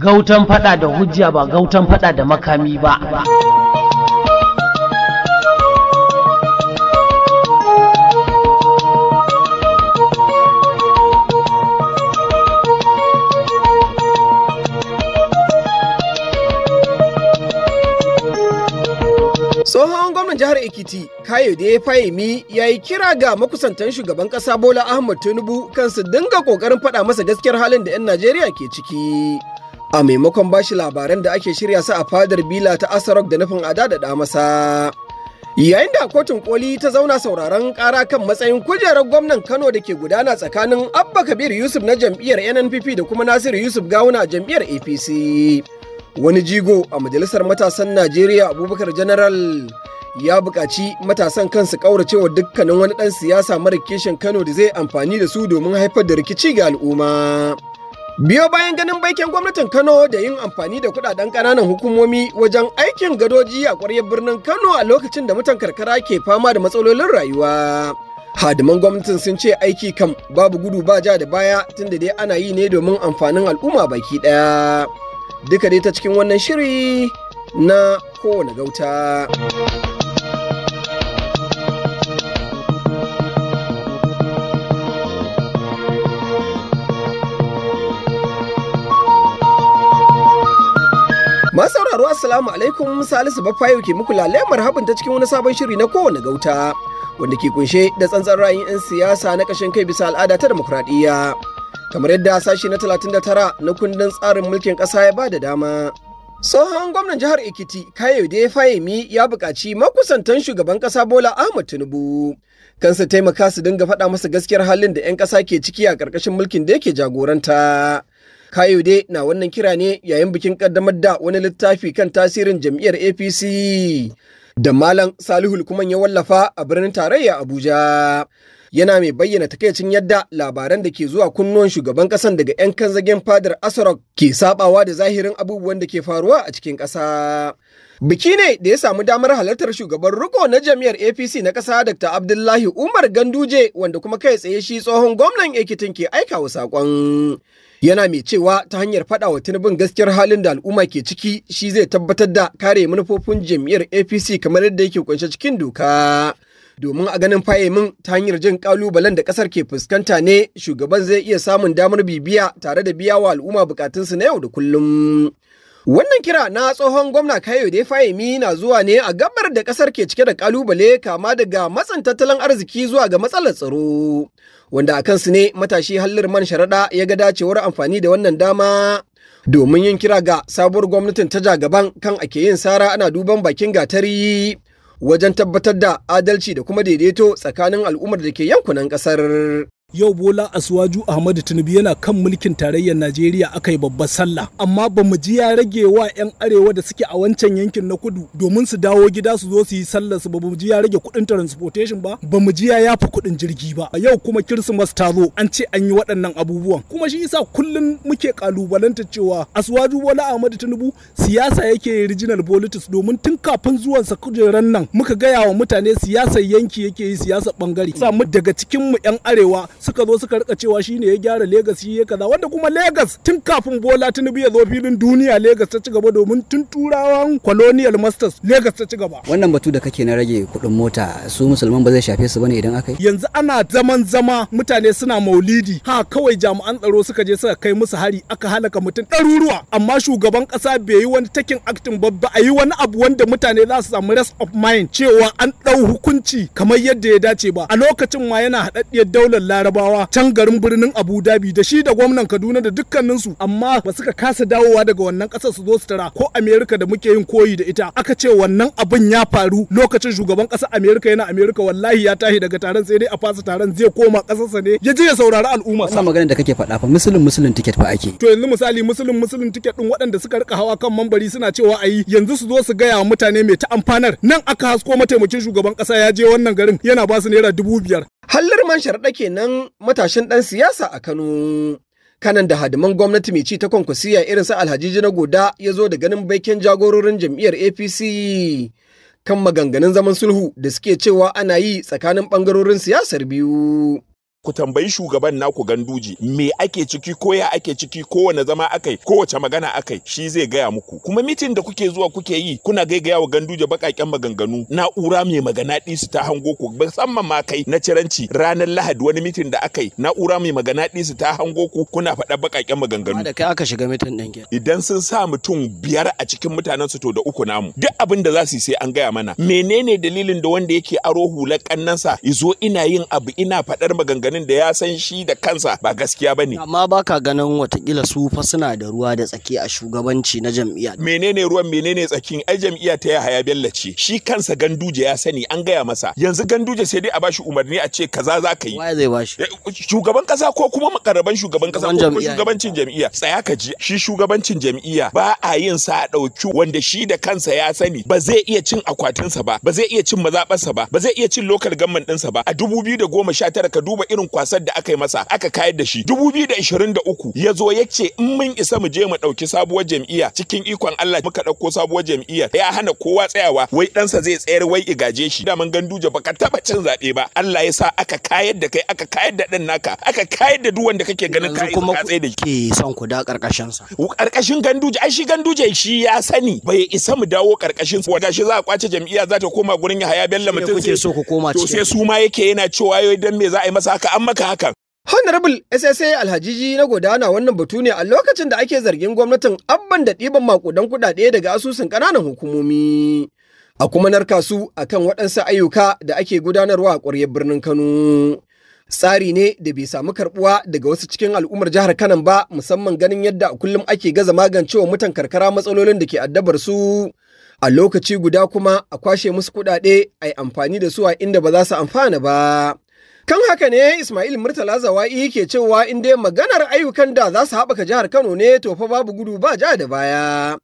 gautan fada da hujja ba gautan fada da makami ba tsohon gwamnan jihar ekiti kayode fahimi ya yi kira ga makusantan shugaban kasa bola ahmad tinubu kan su dinga kokarin faɗa masa gaskiyar halin da 'yan najeriya ke ciki a maimakon bashi labaran da ake shirya su a fadar bila ta asarok da nufin ada da damasa. yayin da kotun koli ta zauna sauraron kara kan matsayin kujerar gwamnan kano da ke gudana tsakanin abba kabir yusuf na jam'iyyar nnpp da kuma nasiru yusuf gawuna jam'iyyar apc wani jigo a majalisar matasan najeriya abubakar general ya buƙaci matasan kansu ƙauracewa dukkanin wani ɗan siyasa mara kishin kano da zai amfani da su domin haifar da rikici ga al'umma Biyo bayan ganin baikin gwamnatin Kano da yin amfani da kudaden ƙananan hukumomi wajen aikin gadoji a kwaryar birnin Kano a lokacin da mutan karkara ke fama da matsalolin rayuwa. Hadiman gwamnatin sun ce aiki kam babu gudu ba ja da baya tunda dai ana yi ne domin amfanin al'umma baki ɗaya. Duka dai ta cikin wannan shiri na kowane gauta. Masu sauraro assalamu alaikum Salisu Bafayo ke muku lalemar habin ta cikin wani sabon shiri na kowane gauta wanda ke kunshe da tsantsan ra'ayin 'yan siyasa na kashin kai bisa al'ada ta demokradiyya. Kamar yadda sashi na 39 na kundin tsarin mulkin ƙasa ya ba da dama. Tsohon gwamnan jihar Ekiti Kayode fahimi ya buƙaci makusantan shugaban ƙasa Bola Ahmad Tinubu kansa taimaka su dinga faɗa masa gaskiyar halin da 'yan ƙasa ke ciki a ƙarƙashin mulkin da yake jagoranta. Kayode na wannan kira ne yayin bikin kaddamar da wani littafi kan tasirin jam'iyyar APC da Malam Salihu kuma ya wallafa a birnin tarayya Abuja. Yana mai bayyana takaicin yadda labaran da ke zuwa kunnuwan shugaban kasan daga 'yan kanzagen fadar Asarok ke sabawa da zahirin abubuwan da ke faruwa a cikin ƙasa. Biki ne da ya samu damar halartar shugaban riko na jam'iyyar APC na ƙasa Dr. Abdullahi Umar Ganduje wanda kuma kai tsaye shi tsohon gwamnan Ekitin ke wa saƙon. yana mai cewa ta hanyar faɗa wa gaskiyar halin da al'umma ke ciki shi zai tabbatar da kare manufofin jam'iyyar apc kamar yadda yake kunshe cikin doka domin a ganin faye min ta hanyar jin kalubalen da kasar ke fuskanta ne shugaban zai iya samun damar bibiya tare da biya wa al'umma bukatunsu na yau da kullum Wannan kira na tsohon gwamna Kayode Fahimi na zuwa ne a gabar da kasar ke cike da kalubale kama daga matsan tattalin arziki zuwa ga matsalar tsaro. Wanda a kansu ne matashi Hallir Man Sharaɗa ya ga dacewar amfani da wannan dama domin yin kira ga sabuwar gwamnatin ta jagaban kan ake yin sara ana duban bakin gatari wajen tabbatar da adalci da kuma daidaito tsakanin al'ummar da ke yankunan kasar. yau bola asuwaju ahmadu tinubu yana kan mulkin tarayyar najeriya aka yi babbar sallah amma ba mu ji ya rage wa yan arewa da suke a wancan yankin na kudu domin su dawo gida su zo su yi sallar su ba mu ji ya rage kuɗin transportation ba ba mu ji ya yafa kuɗin jirgi ba a yau kuma kirsimas ta zo an ce an yi waɗannan abubuwan kuma shi yasa kullum muke kalubalanta cewa asuwaju bola ahmadu tinubu siyasa yake original politics domin tun kafin zuwan zuwansa kujeran nan muka gaya wa mutane siyasar yanki yake yi siyasar bangare sa daga cikin mu yan arewa suka zo suka rika cewa shine ya gyara Legas shi ya kaza wanda kuma Legas tun kafin Bola Tinubu ya zo filin duniya Legas ta ci gaba domin tun turawan Colonial Masters Legas ta ci gaba wannan batu da kake na rage kuɗin mota su musulman ba zai shafe su bane idan aka yi yanzu ana zaman zama mutane suna maulidi ha kawai jami'an tsaro suka je suka kai musu hari aka halaka mutum ɗaruruwa amma shugaban ƙasa bai yi wani takin aktin babba a yi wani abu wanda mutane za su samu rest of mind cewa an ɗau hukunci kamar yadda ya dace ba a lokacin ma yana haɗaɗɗiyar daular laraba larabawa can garin birnin abu dhabi da shi da gwamnan kaduna da su amma ba suka kasa dawowa daga wannan kasar su zo su tara ko amerika da muke yin koyi da ita aka ce wannan abin ya faru lokacin shugaban kasar amerika yana amerika wallahi ya tahi daga taron sai dai a fasa taron zai koma kasarsa ne ya je ya saurari al'umma sa maganar da kake faɗa fa musulun musulun ticket fa ake to yanzu misali musulun musulun ticket din waɗanda suka rika hawa kan mambari suna cewa ayi yanzu su zo su gaya wa mutane mai ta amfanar nan aka hasko mataimakin shugaban kasa ya je wannan garin yana ba su naira dubu biyar Hallar man sharaɗa kenan matashin ɗan siyasa a Kano. kanan da hadiman gwamnati mai ci ta kwankwasiya irin sa alhaji na goda ya zo da ganin baikin jagororin jam'iyyar apc kan maganganun zaman sulhu da suke cewa ana yi tsakanin ɓangarorin siyasar biyu ku tambayi shugaban naku ganduji. me ake ciki ko ya ake ciki kowane zama akai kowace magana akai shi zai gaya muku kuma mitin da kuke zuwa kuke yi kuna gaigaya wa ganduje bakaken maganganu na'ura mai magana su ta hango ku musamman ma kai na ciranci ranar lahadi wani mitin da akai na'ura mai magana su ta hango ku kuna faɗa bakaken maganganu da kai aka shiga mitin ɗin idan sun sa mutum biyar a cikin mutanen su to da uku namu duk abin da za su yi sai an gaya mana menene dalilin da wanda yake aro hular kannansa izo ina yin abu ina faɗar maganganu ganin da ya san shi da kansa ba gaskiya ba ne. Amma ba ka ganin watakila su fa suna da ruwa da tsaki a shugabanci na jam'iyya. Menene ruwan menene tsakin ai jam'iyya ta ya Bello ce shi kansa Ganduje ya sani an gaya masa yanzu Ganduje sai dai a bashi umarni a ce kaza za ka yi. Waye zai bashi? Eh, shugaban kasa ko kuma makaraban shugaban kasa ko kuma shugabancin jam'iyya. Tsaya ka ji shi shugabancin jam'iyya ba a yin sa a ɗauki wanda shi da kansa ya sani ba zai iya cin akwatinsa ba ba zai iya cin mazaɓarsa ba ba zai iya cin lokal gamman ɗinsa ba a tara ka duba irin irin kwasar da aka yi masa aka kayar da shi uku ya zo ya ce in mun isa mu je mu ɗauki sabuwar jam'iyya cikin ikon Allah muka ɗauko sabuwar jam'iyyar ya hana kowa tsayawa wai ɗansa zai tsayar wai igaje shi gan duje baka taɓa cin zaɓe ba Allah ya sa aka kayar da kai aka kayar da ɗan naka aka kayar da duk wanda kake ganin ka kuma ka tsaye da ke son ku da karkashin sa karkashin duje ai shi gan duje shi ya sani bai isa mu dawo karkashin sa wata shi za a kwace jam'iyyar za ta koma gurin Yahaya Bello mutum sai so ku koma to sai su ma yake yana cewa yau dan me za a yi masa haka an maka hakan. Honorable SSA Alhajiji na godana wannan batu ne a lokacin da ake zargin gwamnatin abban da ɗiban makudan kuɗaɗe daga asusun ƙananan hukumomi. A kuma narka su kan waɗansu ayyuka da ake gudanarwa a ƙwaryar birnin Kano. Tsari ne da bai samu karɓuwa daga wasu cikin al'ummar jihar Kano ba musamman ganin yadda a kullum ake gaza magancewa mutan karkara matsalolin da ke addabar su. A lokaci guda kuma a kwashe musu kuɗaɗe a yi amfani da su a inda ba za su amfana ba. Kan haka ne Ismail Murtala Zawa'i ke cewa in dai maganar ayyukan da za su haɓaka jihar Kano ne to fa babu gudu ba ja da baya.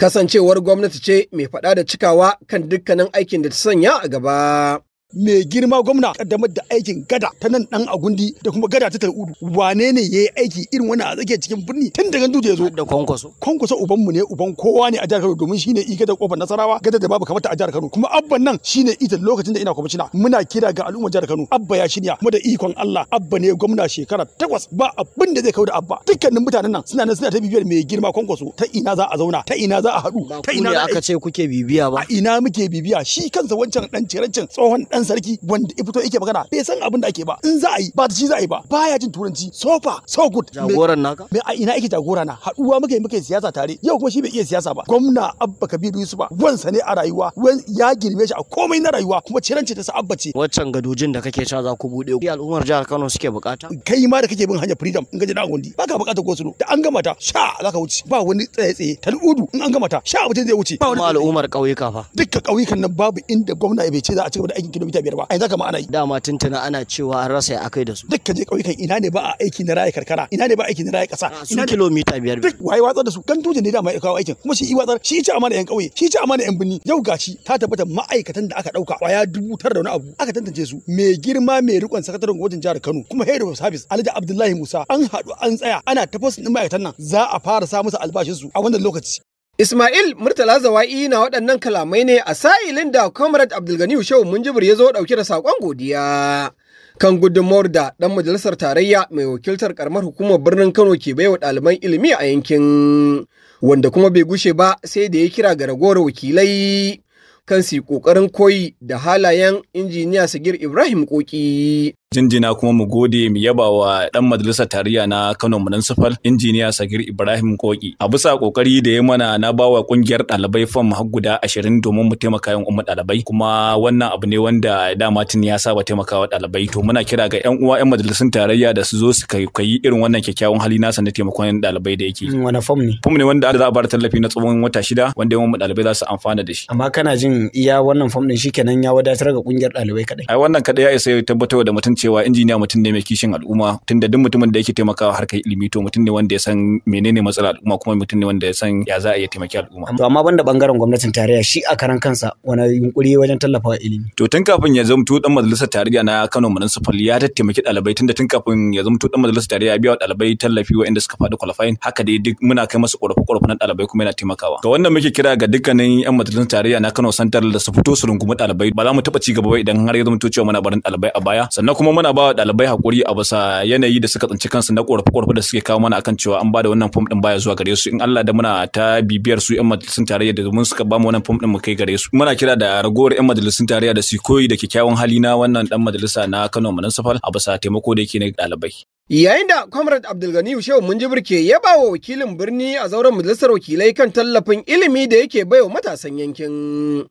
Kasancewar gwamnati ce mai faɗa da cikawa kan dukkanin aikin da ta sanya a gaba. mai girma gwamna kaddamar da aikin gada ta nan dan agundi da kuma gada ta taludu wane ne yi aiki irin wani a tsake cikin birni tun daga duje zo da konkoso konkoso uban mu ne uban kowa ne a jihar Kano domin shine i gada kofar Nasarawa gada da babu kamar ta a jihar Kano kuma abban nan shine ita lokacin da ina kwamishina muna kira ga al'ummar jihar Kano abba ya shirya kuma da ikon Allah abba ne gwamna shekara takwas ba abin da zai kawo da abba dukkanin mutanen nan suna nan suna ta bibiyar mai girma konkoso ta ina za a zauna ta ina za a haɗu ta ina ce kuke bibiya ba ina muke bibiya shi kansa wancan dan cirancin tsohon dan sarki wanda ya fito yake magana bai san abin da ake ba in za a yi ba ta ci za a yi ba baya jin turanci so far so good jagoran naka me a ina yake jagora na haduwa muke muke siyasa tare yau kuma shi bai iya siyasa ba gwamna abba kabiru ba wansa ne a rayuwa wan ya girme shi a komai na rayuwa kuma cirance ta sa abba ce waccan gadojin da kake cewa za ku bude ku al'ummar jihar Kano suke bukata kai ma da kake bin hanyar freedom in ga je gundi gondi baka bukata ko suno da an gama ta sha ka wuce ba wani tsaye tsaye taludu in an gama ta sha abin zai wuce ba al'ummar kauyuka fa dukkan kauyukan nan babu inda gwamna bai ce za a ci gaba da aikin kilomita biyar ba a zaka kama ana yi dama tuntuna ana cewa an rasa akai da su duk ka je ƙauyukan ina ne ba a aiki na rayi karkara ina ne ba aiki na rayi kasa ah, su kilomita biyar duk wai watsar da su kan tuje ne dama ya kawo aikin kuma shi i watsar shi ci amana yan ƙauye shi ci amana yan binni yau gashi ta tabbata ma'aikatan da aka ɗauka kwaya dubu tara da wani abu aka tantance su mai girma mai rikon sakataren gwajin jihar Kano kuma head of service Alhaji Abdullahi Musa an haɗu an tsaya ana tafasin ma'aikatan nan za a fara sa musu albashin su a wannan lokaci Ismail Murtala Zawa'i na waɗannan kalamai ne a sa'ilin da Comrade Abdulganiyu Shehu Munjibir ya zo ɗauke da saƙon godiya. Kan gudunmawar da ɗan majalisar tarayya mai wakiltar ƙaramar hukumar birnin Kano ke baiwa ɗaliban ilimi a yankin, wanda kuma bai gushe ba sai da ya kira ga ragowar wakilai kan su ƙoƙarin koyi da halayen injiniya Sagir Ibrahim Koki jinjina kuma mu gode mu yaba wa dan majalisar tarayya na Kano Municipal injiniya Sagir Ibrahim Koki a bisa kokari da ya mana na bawa kungiyar dalibai fam har guda 20 domin mu taimaka yan umma dalibai kuma wannan abu ne wanda dama tun ya saba taimakawa dalibai to muna kira ga yan uwa yan majalisun tarayya da su zo su kai irin wannan kyakkyawan hali na na taimakon dalibai da yake mm, wani fam ne fam ne wanda za a bar tallafi na tsawon wata shida wanda yan umma dalibai za su amfana da shi amma kana jin iya wannan fam din shikenan ya wadatar ga kungiyar dalibai kadai ai wannan kadai ya isa ya tabbatar da mutum cewa injiniya mutum ne mai kishin al'umma tunda duk mutumin da yake taimakawa harkar ilimi to mutum ne wanda ya san menene matsalar al'umma kuma mutum ne wanda ya san ya za a iya taimaki al'umma. To amma banda bangaren gwamnatin tarayya shi a karan kansa wani yunkuri wajen tallafa wa ilimi. To tun kafin ya zamto dan majalisar tarayya na Kano Municipal ya ta taimaki ɗalibai tunda tun kafin ya zamto dan majalisar tarayya ya biya wa ɗalibai tallafi wa inda suka faɗi qualifying haka dai duk muna kai masu ƙorafi ƙorafi na ɗalibai kuma yana taimakawa. Ga wannan muke kira ga dukkanin 'yan majalisar tarayya na Kano Central da su fito su rungumi ɗalibai ba za mu taɓa ci gaba ba idan har ya zamto cewa muna barin ɗalibai a baya sannan kuma kuma muna ba ɗalibai hakuri a bisa yanayi da suka tsinci kansu na korafe-korafe da suke kawo mana akan cewa an ba da wannan fom ɗin baya zuwa gare su in Allah da muna ta bibiyar su 'yan majalisun tarayya da mun suka ba mu wannan fom ɗin mu kai gare su muna kira da ragowar 'yan majalisun tarayya da su koyi da kyakkyawan hali na wannan dan majalisa na Kano Manan Safal a bisa taimako da yake na ɗalibai. Yayin da Comrade mun ji Munjibir ke ba wa wakilin birni a zauren majalisar wakilai kan tallafin ilimi da yake baiwa matasan yankin.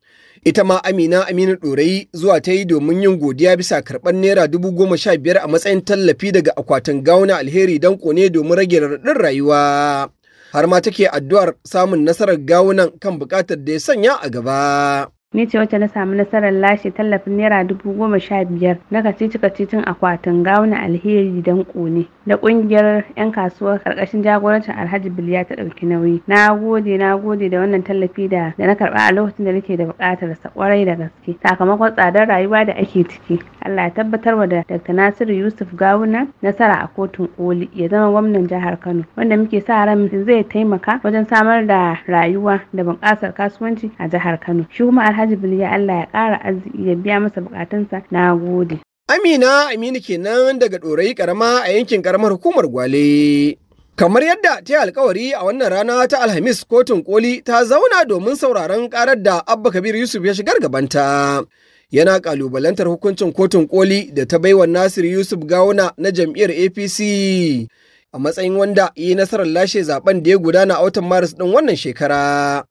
Ita ma Amina Aminu Ɗorayi zuwa ta yi domin yin godiya bisa karɓar Naira dubu goma sha biyar a matsayin tallafi daga akwatin gawuna alheri don kone domin rage raɗin rayuwa. Har ma take addu'ar samun nasarar gawunan kan buƙatar da ya sanya a gaba. ni ce wacce na samu nasarar lashe tallafin naira dubu goma sha biyar na kacici kacicin akwatin gawuna alheri don kone da kungiyar 'yan kasuwa karkashin jagorancin Alhaji Biliya ta ɗauki nauyi. Na gode na gode da wannan tallafi da na karɓa a lokacin da nake da bukatar sa kwarai da gaske sakamakon tsadar rayuwa da ake ciki. Allah ya tabbatar wa da Dr. Nasiru Yusuf Gawuna nasara a kotun koli ya zama gwamnan jihar Kano wanda muke sa ran zai taimaka wajen samar da rayuwa da bunƙasar kasuwanci a jihar Kano. Shi kuma Alhaji Biliya Allah ya ƙara arziki ya biya masa bukatunsa Na gode. Amina Aminu kenan daga ɗorayi ƙarama a yankin ƙaramar hukumar Gwale. Kamar yadda ta yi alkawari a wannan rana ta Alhamis kotun koli ta zauna domin sauraron ƙarar da Abba Kabir Yusuf ya shigar gabanta. Yana ƙalubalantar hukuncin kotun koli da ta baiwa Nasir Yusuf Gawuna na jam'iyyar APC a matsayin wanda yi nasarar lashe zaben da ya gudana a watan Maris ɗin wannan shekara.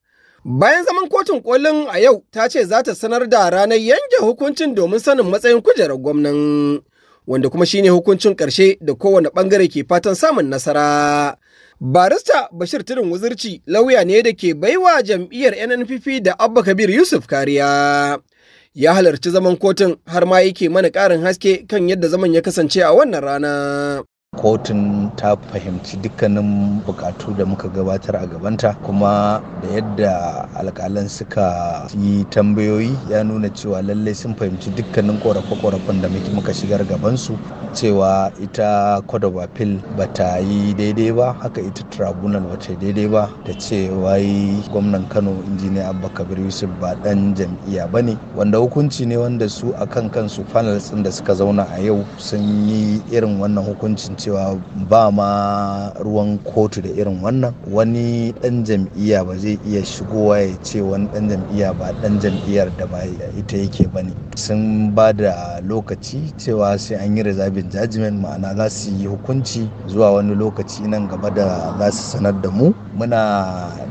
Bayan zaman kotun kolin a yau ta ce za ta sanar da ranar yanke hukuncin domin sanin matsayin kujerar gwamnan wanda kuma shine hukuncin ƙarshe da kowane ɓangare ke fatan samun nasara. Barista Bashir Tirin Wuzirci lauya ne da ke baiwa jam'iyyar NNPP da Abba Kabir Yusuf kariya. Ya halarci zaman kotun har ma yake mana ƙarin haske kan yadda zaman ya kasance a wannan rana. kotun ta fahimci dukkanin bukatu da muka gabatar a gabanta kuma da yadda alkalan suka yi tambayoyi ya nuna cewa lallai sun fahimci dukkanin korafe-korafen da muka shigar gabansu cewa ita kwadoba fil ba ta yi daidai ba haka ita tribunal ba ta yi daidai ba da wai gwamnan kano injiniya abba kabir yusuf ba dan jam'iyya ba ne wanda hukunci ne wanda su akan kansu panels da suka zauna a yau sun yi irin wannan hukuncin cewa ba ma ruwan kotu da irin wannan wani dan jam'iyya ba zai iya shigowa ya ce wani dan jam'iyya ba dan jam'iyyar da ba ita yake ba ne sun ba da lokaci cewa sai an yi rezabin judgment ma'ana za su yi hukunci zuwa wani lokaci nan gaba da za su sanar da mu muna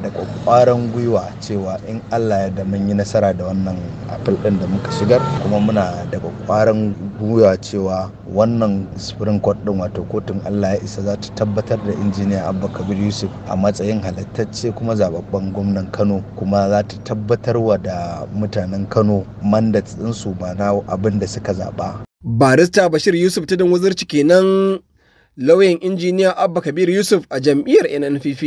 da kwakwaran gwiwa cewa in allah ya mun yi nasara da wannan apple ɗin da muka shigar kuma muna da kwakwaran gwiwa cewa wannan spring court ɗin wato kotun allah ya isa za ta tabbatar da injiniya abba kabir yusuf a matsayin halittacce kuma zababben gwamnan kano kuma za ta tabbatar wa da mutanen kano mandat ɗinsu ba na abin da suka zaba. barista bashir yusuf tudun wazirci kenan lauyan injiniya Abba Kabir Yusuf a jam'iyyar NNPP.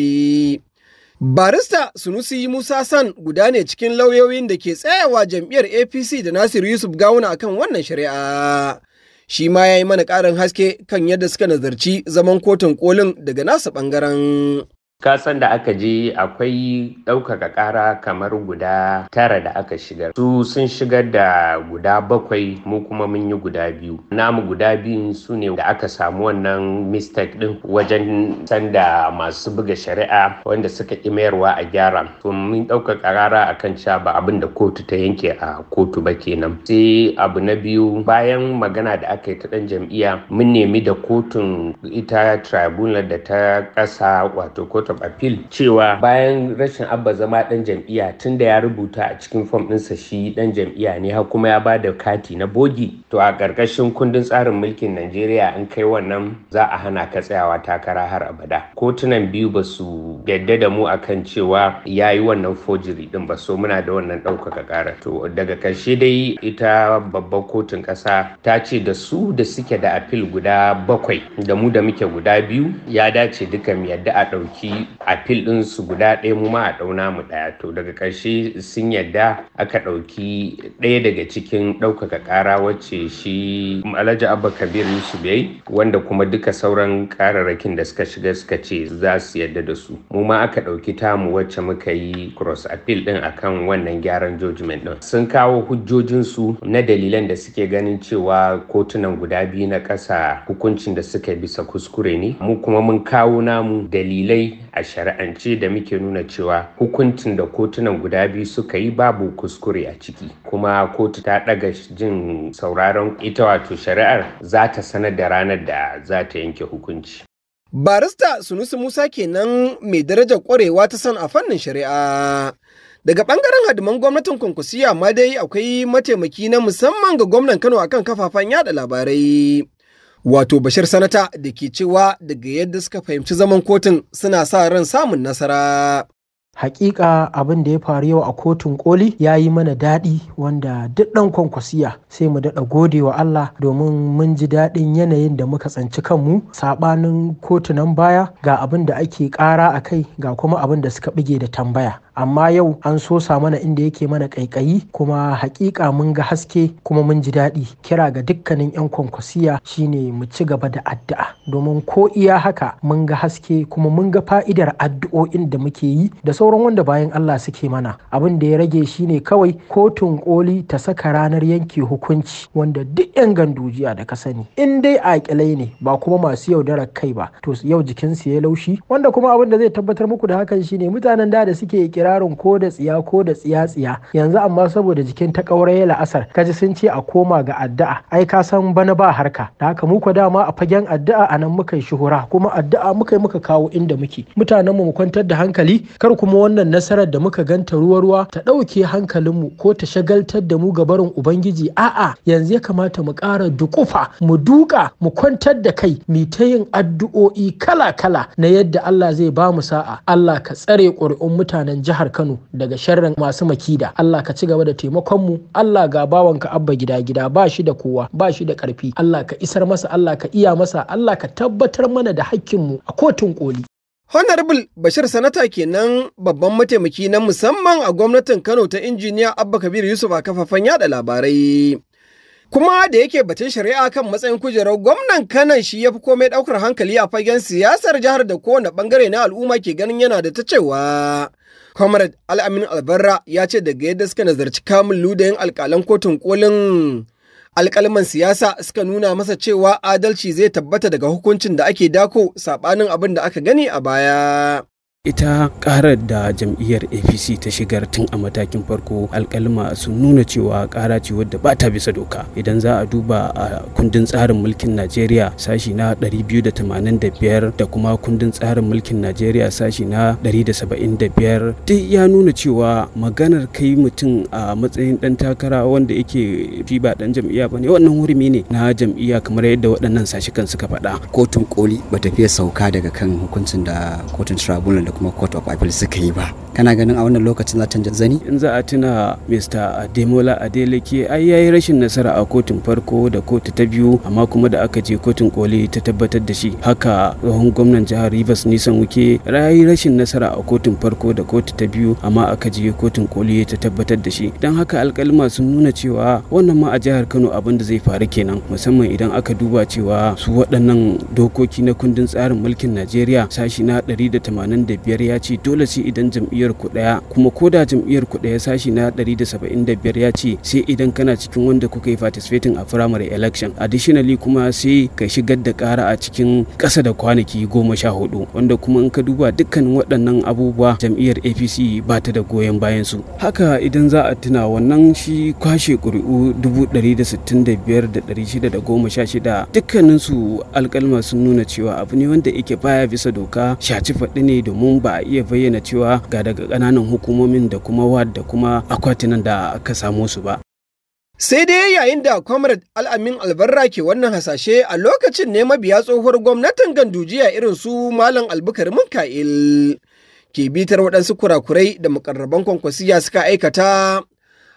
Barista Sunusi Musa San guda ne cikin lauyoyin da ke tsayawa jam'iyyar APC da Nasir Yusuf Gawuna akan wannan shari'a. Shi ma ya yi mana ƙarin haske kan yadda suka nazarci zaman kotun kolin daga nasa ɓangaren. kasan da aka je akwai ɗaukaka ƙara kamar guda tara da aka shigar su sun shigar da guda bakwai mu kuma mun yi guda biyu namu guda biyu su ne da aka samu wannan mistake ɗin wajen sanda masu buga shari'a wanda suka ƙi mayarwa a gyara to mun ɗaukaka ƙara kan cewa ba abin da kotu ta yanke a kotu ba kenan sai abu na biyu bayan magana da aka yi ta ɗan jam'iyya mun nemi da kotun ita tribunal da ta ƙasa wato kotu. court of appeal cewa bayan rashin abba zama dan jam'iyya tun da ya rubuta a cikin fom ɗinsa shi dan jam'iyya ne har kuma ya bada kati na bogi to a ƙarƙashin kundin tsarin mulkin najeriya in kai wannan za a hana ka tsayawa takara har abada kotunan biyu ba su yadda da mu akan cewa ya yi wannan fojiri din ba so muna da wannan ɗaukaka ƙara to daga ƙarshe dai ita babban kotun ƙasa ta ce da su da suke da apil guda bakwai da mu da muke guda biyu ya dace duka mu yadda a ɗauki A fil ɗin su guda ɗaya mu ma a ɗauna mu ɗaya to daga ƙarshe sun yadda aka ɗauki ɗaya daga cikin ɗaukaka ƙara wacce shi alhaji abba kabir yusuf yayi wanda kuma duka sauran ƙararrakin da suka shiga suka ce za su yadda da su mu ma aka ɗauki ta mu wacce muka yi cross appeal din akan wannan gyaran judgment ɗin sun kawo hujjojin su na dalilan da suke ganin cewa kotunan guda biyu na ƙasa hukuncin da suka bisa kuskure ne mu kuma mun kawo namu dalilai a shari'ance da muke nuna cewa hukuncin da kotunan guda biyu suka yi babu kuskure a ciki kuma kotu ta ɗaga jin sauraron ita wato shari'ar za ta sanar da ranar da za ta yanke hukunci. Barista Sunusi Musa kenan mai darajar kwarewa ta san a fannin shari'a. Daga bangaren hadiman gwamnatin kwankwasiya ma dai akwai mataimaki na musamman ga gwamnan Kano akan kafafen yada labarai. wato bashir sanata da ke cewa daga yadda suka fahimci zaman kotun suna sa ran samun nasara hakika abin da ya faru yau a kotun koli ya yi mana daɗi wanda duk ɗan kwankwasiya sai mu daɗa gode wa Allah domin mun ji daɗin yanayin da muka tsanci kanmu saɓanin kotunan baya ga abin da ake ƙara a kai ga kuma abin da suka ɓige da tambaya amma yau an sosa mana inda yake mana kaikayi. kuma haƙiƙa mun ga haske kuma mun ji daɗi kira ga dukkanin 'yan kwankwasiya shine mu ci gaba da addu'a domin ko iya haka mun ga haske kuma mun ga fa'idar addu'o'in da muke yi da sauran wanda bayan Allah suke mana abin da ya rage shine kawai kotun koli ta saka ranar yanke hukunci wanda duk 'yan gandujiya da ka sani in dai aƙilai ne ba kuma masu yaudarar kai ba to yau jikinsu ya laushi wanda kuma abin da zai tabbatar muku da hakan shine mutanen da da suke kira kirarin ko da tsiya ko da tsiya tsiya yanzu amma saboda jikin ta kauraye la'asar ka ji sun ce a koma ga addu'a ai ka san bana ba harka da haka muka dama a fagen addu'a a nan muka yi shuhura kuma addu'a muka yi muka kawo inda muke mutanen mu kwantar da hankali kar kuma wannan nasarar da muka ganta ruwa ruwa ta ɗauke hankalinmu ko ta shagaltar da mu gabarin ubangiji a'a yanzu ya kamata mu ƙara dukufa mu duka mu kwantar da kai mu ta yin addu'o'i kala kala na yadda Allah zai ba mu sa'a Allah ka tsare ƙuri'un mutanen jihar jihar Kano daga sharrin masu makida Allah ka ci gaba da taimakon mu Allah ga bawanka abba gida gida ba shi da kowa ba shi da karfi Allah ka isar masa Allah ka iya masa Allah ka tabbatar mana da hakkin mu a kotun koli Honorable Bashir Sanata kenan babban mataimaki na musamman a gwamnatin Kano ta injiniya Abba Kabir Yusuf a kafafen yada labarai. Kuma da yake batun shari'a kan matsayin kujerar gwamnan Kanan shi ya fi komai ɗaukar hankali a fagen siyasar jihar da kowane ɓangare na al'umma ke ganin yana da ta cewa. comrade al'amin albarra ya ce daga yadda suka nazarci kamun ludayin alkalan kotun kolin alkalman siyasa suka nuna masa cewa adalci zai tabbata daga hukuncin da ake dako sabanin abin da aka gani a baya ita karar da jam'iyyar apc ta shigar tun a matakin farko alkalma sun nuna cewa kara ce wadda ba ta bisa doka idan za a duba a kundin tsarin mulkin najeriya sashi na 285 da kuma kundin tsarin mulkin najeriya sashi na 175 duk ya nuna cewa maganar kai mutum a matsayin dan takara wanda yake fi ba dan jam'iyya ba ne wannan hurumi ne na jam'iyya kamar yadda waɗannan sashikan suka faɗa kotun koli bata tafiya sauka daga kan hukuncin da kotun tribunal da kuma court of appeal suka yi ba kana ganin a wannan lokacin za ta canja zani in za a tuna mr ademola adeleke ai yayi rashin nasara a kotun farko da kotu ta biyu amma kuma da aka je kotun koli ta tabbatar da shi haka tsohon gwamnan jihar rivers nisan wuke yayi rashin nasara a kotun farko da kotu ta biyu amma aka je kotun koli ta tabbatar da shi don haka alkalma sun nuna cewa wannan ma a jihar kano abin da zai faru kenan musamman idan aka duba cewa su waɗannan dokoki na kundin tsarin mulkin najeriya sashi na biyar ya ce dole sai idan jam'iyyar ku daya kuma koda jam'iyyar ku daya sashi na 175 ya ce sai idan kana cikin wanda kuka yi participating a primary election additionally kuma sai ka shigar da kara a cikin kasa da kwanaki goma sha hudu wanda kuma in ka duba dukkan waɗannan abubuwa jam'iyyar apc ba ta da goyon bayan su haka idan za a tuna wannan shi kwashe ƙuri'u 165,616 dukkaninsu alkalma sun nuna cewa abu ne wanda yake baya bisa doka shaci faɗi ne domin ba a iya bayyana cewa ga daga kananan hukumomin da kuma wad da kuma akwatinan da aka samu su ba. Sai dai yayin da Comrade Al'amin Albarra ke wannan hasashe a lokacin ne mabiya tsohuwar gwamnatin gandujiya irin su Malam Albukar Mika'il ke bitar waɗansu kurakurai da makarraban kwankwasiya suka aikata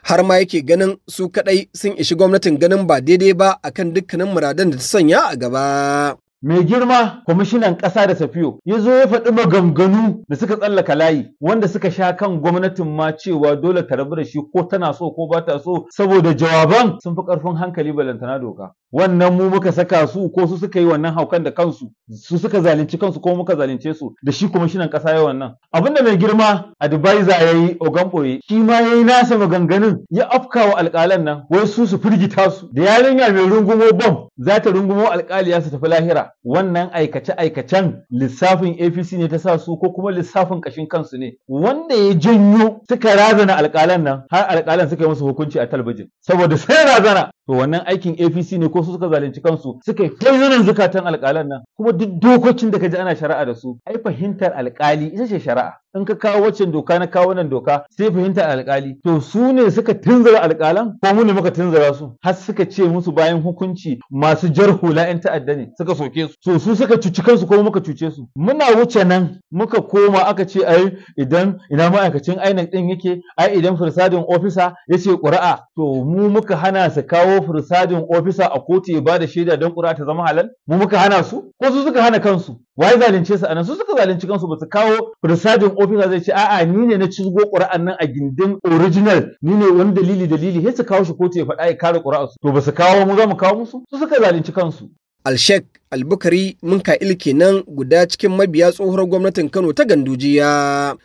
har ma yake ganin su kaɗai sun ishi gwamnatin ganin ba daidai ba akan dukkanin muradan da ta sanya a gaba. mai girma kwamishinan ƙasa da safiyo ya zo ya faɗi maganganu da suka tsallaka layi wanda suka sha kan gwamnatin ma cewa dole ta rabu da shi ko tana so ko ba ta so saboda jawaban sun fi ƙarfin hankali balantana doka wannan mu muka saka su ko su suka yi wannan haukan da kansu su suka zalunci kansu ko muka zalunce su da shi kuma shinan kasa yi wannan abinda mai girma advisor yayi yi boye shi ma ya yi nasa maganganun ya afka wa alƙalan nan wai su su firgita su da yarinya mai rungumo bom za ta rungumo alƙaliya su tafi lahira wannan aikace aikacen lissafin apc ne ta sa su ko kuma lissafin kashin kansu ne wanda ya janyo suka razana alƙalan nan har alƙalan suka yi musu hukunci a talabijin. saboda sai razana to wannan aikin APC ne ko su suka zalunci kansu suka yi poisonin zukatan alƙalan nan kuma duk dokokin da ka ji ana shari'a da su ai fahimtar alƙali ita ce shari'a in ka kawo waccan doka na kawo nan doka sai fahimta alkali to su ne suka tunzura alkalan ko mu ne muka tunzura su har suka ce musu bayan hukunci masu jar hula in ta'adda ne suka soke su so su suka cuci kansu ko muka cuce su muna wuce nan muka koma aka ce ai idan ina ma'aikacin ainihin ɗin yake ai idan firsadin ofisa ya ce ƙuri'a to mu muka hana su kawo firsadin ofisa a kotu ya bada shaida don ƙuri'a ta zama halal mu muka hana su ko su suka hana kansu wai zalunce su anan su suka zalunci kansu ba su kawo presiding officer zai ce a'a ni ne na cizgo Qur'an nan a gindin original ni ne wani dalili dalili sai su kawo shi kotu ya faɗa ya kare Qur'an su to ba su kawo mu za mu kawo musu su suka zalunci kansu Alshek Albukari Munka'il kenan guda cikin mabiya tsohuwar gwamnatin Kano ta Gandujiya.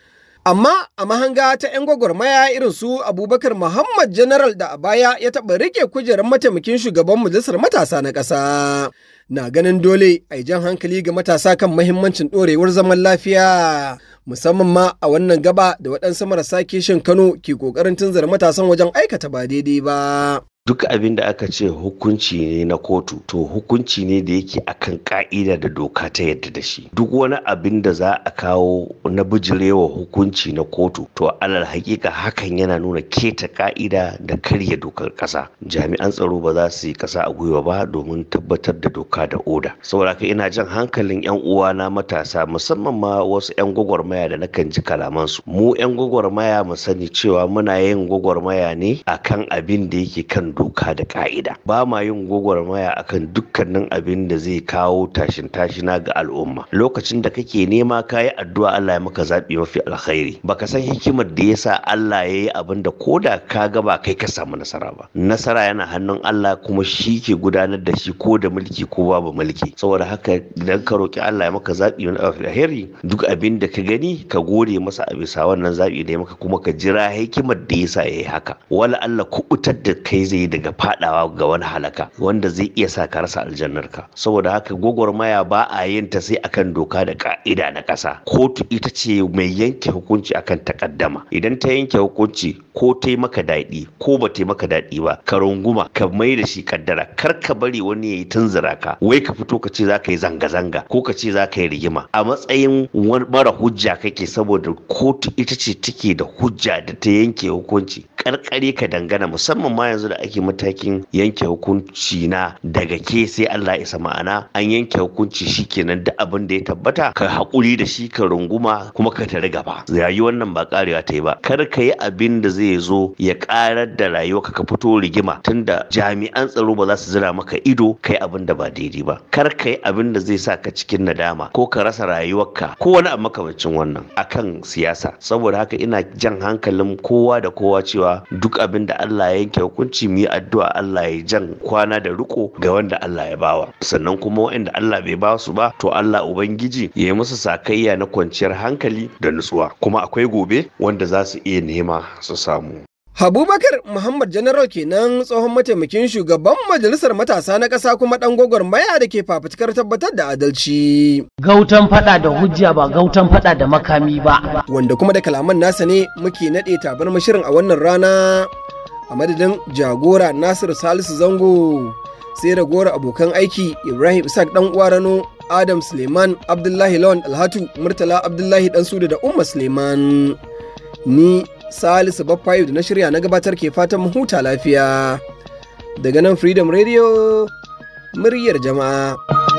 Amma a mahanga ta 'yan gwagwarmaya irin su Abubakar Muhammad General da a baya ya taɓa rike kujerar mataimakin shugaban majalisar matasa na ƙasa. na ganin dole a jan hankali ga matasa kan mahimmancin ɗorewar zaman lafiya musamman ma a wannan gaba da waɗansu marasa kishin Kano ke ƙoƙarin tunzar matasan wajen aikata ba daidai ba. duk abin da aka ce hukunci ne na kotu to hukunci ne da yake akan ka'ida da doka ta yadda da shi duk wani abin da za a kawo na bijirewa hukunci na kotu to alal hakika hakan yana nuna keta ka'ida da karya dokar kasa jami'an tsaro ba za su yi kasa a gwiwa ba domin tabbatar da doka da oda saboda ina jan hankalin yan uwa na matasa musamman ma wasu yan gwagwarmaya da nakan ji kalaman su. mu yan gwagwarmaya mu sani cewa muna yin gwagwarmaya ne akan abin da yake kan doka da ka'ida ba ma yin gwagwarmaya kan dukkanin abin da zai kawo tashin tashina ga al'umma lokacin da kake nema kayi addu'a Allah ya maka zaɓi mafi alkhairi baka san hikimar da yasa Allah ya yi abin da koda ka ga ba kai ka samu nasara ba nasara yana hannun Allah kuma shi ke gudanar da shi ko da mulki ko babu mulki saboda haka idan ka roki Allah ya maka zaɓi mafi alkhairi duk abin da ka gani ka gode masa a bisa wannan zaɓi da ya maka kuma ka jira hikimar da yasa ya yi haka wala Allah kubutar da kai zai kai daga fadawa ga wani halaka wanda zai iya sa ka rasa ka saboda haka gwagwarmaya ba a yin ta sai akan doka da ka'ida na ƙasa kotu ita ce mai yanke hukunci akan takaddama idan ta yanke hukunci ko ta maka daɗi ko ba ta maka daɗi ba ka runguma ka mai da shi kaddara kar ka bari wani ya yi tunzura ka wai ka fito ka ce za ka yi zanga-zanga ko ka ce za ka yi rigima a matsayin mara hujja kake saboda kotu ita ce take da hujja da ta yanke hukunci karkare ka dangana musamman ma yanzu da ake matakin yanke hukunci na daga ke sai Allah isa ma'ana an yanke hukunci shikenan da abin da ya tabbata ka haƙuri da shi ka runguma kuma ka tare gaba rayuwar wannan ba karewa ta yi ba kar ka yi abin da zai zai zo ya karar da rayuwarka ka fito rigima tunda jami'an tsaro ba za su zira maka ido kai abin da ba daidai ba kar ka abin da zai sa ka cikin nadama ko ka rasa rayuwarka ko wani abu makamancin wannan akan siyasa saboda haka ina jan hankalin kowa da kowa cewa duk abin da Allah ya yanke hukunci mu yi addu'a Allah ya jan kwana da riko ga wanda Allah ya bawa sannan kuma waɗanda Allah bai ba su ba to Allah ubangiji ya yi musu sakayya na kwanciyar hankali da nutsuwa kuma akwai gobe wanda za su iya nema su sa. samu. Habubakar Muhammad General kenan tsohon mataimakin shugaban majalisar matasa na ƙasa kuma ɗan maya da ke fafutukar tabbatar da adalci. Gautan faɗa da hujja ba gautan faɗa da makami ba. Wanda kuma da kalaman nasa ne muke naɗe tabar mashirin a wannan rana a madadin jagora Nasiru Salisu Zango sai ragowar abokan aiki Ibrahim Isaac ɗan uwa Rano Adam Suleiman Abdullahi Lawan Alhatu Murtala Abdullahi ɗan da Umma Suleiman. Ni Salisu Baffayu da na shirya na gabatar ke fatan mu huta lafiya. Daga nan Freedom Radio, muryar jama'a.